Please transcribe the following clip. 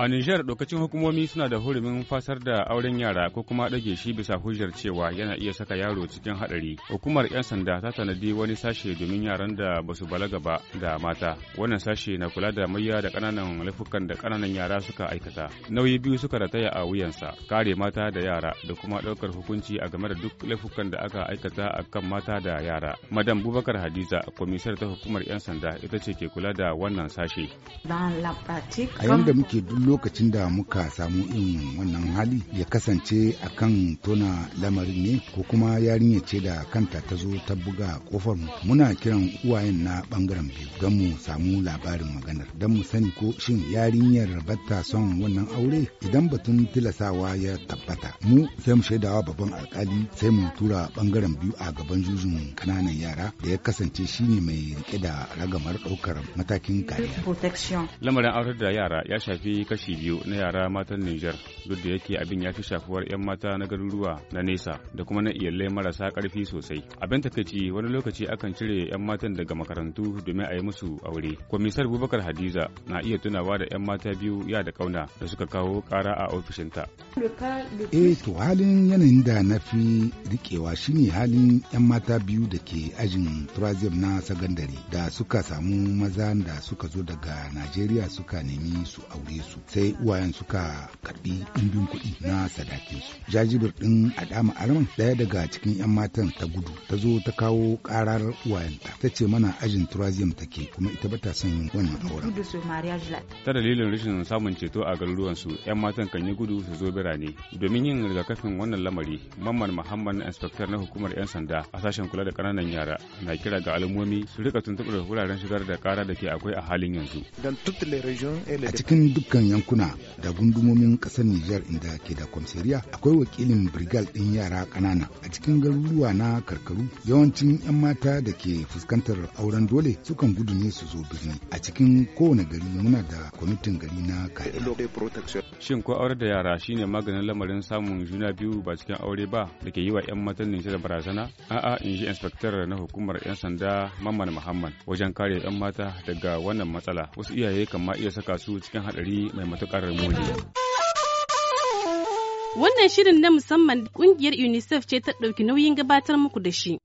A Nijar dokacin hukumomi suna da hurumin fasar da auren yara ko kuma ɗage shi bisa hujjar cewa yana iya saka yaro cikin haɗari. Hukumar 'yan sanda ta tanadi wani sashe domin yaran da ba su balaga ba da mata. Wannan sashe na kula da mayya da kananan lafukan da kananan yara suka aikata. Nauyi biyu suka rataya a wuyansa, kare mata da yara da kuma ɗaukar hukunci a game da duk lafukan da aka aikata a kan mata da yara. Madam Bubakar Hadiza, kwamisar ta hukumar 'yan sanda ita ce ke kula da wannan sashe. A yanda muke lokacin da muka samu in wannan hali ya kasance a kan tona lamarin ne ko kuma yarinya ce da kanta ta zo ta buga kofar mu muna kiran uwayen na bangaren biyu don mu samu labarin maganar don mu sani ko shin yarinyar batta son wannan aure idan batun tilasawa ya tabbata mu sai mu shaidawa babban alkali sai mu tura bangaren biyu a gaban zuzun kananan yara da ya kasance shine mai rike da ragamar ɗaukar matakin kariya lamarin aurar da yara ya shafi kashi biyu na yara matan Nijar duk da yake abin ya fi shafuwar 'yan mata na garuruwa na nesa da kuma na iyalai marasa karfi sosai. Abin takaici wani lokaci akan cire 'yan matan daga makarantu domin a yi musu aure. komisar Bubakar Hadiza na iya tunawa da 'yan mata biyu ya da kauna da suka kawo kara a ofishinta. Eh to halin yanayin da na fi rikewa shine halin 'yan mata biyu da ke ajin Turazium na sagandare da suka samu maza da suka zo daga Najeriya suka nemi su aure su sai uwayen suka karbi ɗimbin kuɗi na su. jajibir ɗin a dama alman ɗaya daga cikin 'yan matan ta gudu ta zo ta kawo ƙarar uwayenta ta ce mana ajin turaziyam take kuma ita bata son wannan auren ta dalilin rashin samun ceto a garuruwan su 'yan matan kan yi gudu su zo birane domin yin rigakafin wannan lamari mamman muhammad inspector na hukumar 'yan sanda a sashen kula da ƙananan yara na kira ga al'ummomi su rika tuntuɓar wuraren shigar da ƙara da ke akwai a halin yanzu a cikin dukkan yankuna da gundumomin kasar Nijar inda ke da kwamsariya akwai wakilin Brigal din yara kanana a cikin garuruwa na karkaru yawancin 'yan mata da ke fuskantar auren dole sukan gudu ne su zo birni a cikin kowane gari muna da kwamitin gari na kariya. Shin ko aure da yara shine maganin lamarin samun juna biyu ba cikin aure ba da ke yi wa 'yan matan Nijar barazana? A'a in ji inspector na hukumar 'yan sanda Mamman Muhammad wajen kare 'yan mata daga wannan matsala wasu iyaye kan ma iya saka su cikin haɗari mai matuƙar muni. Wannan shirin na musamman ƙungiyar UNICEF ce ta ɗauki nauyin gabatar muku da shi.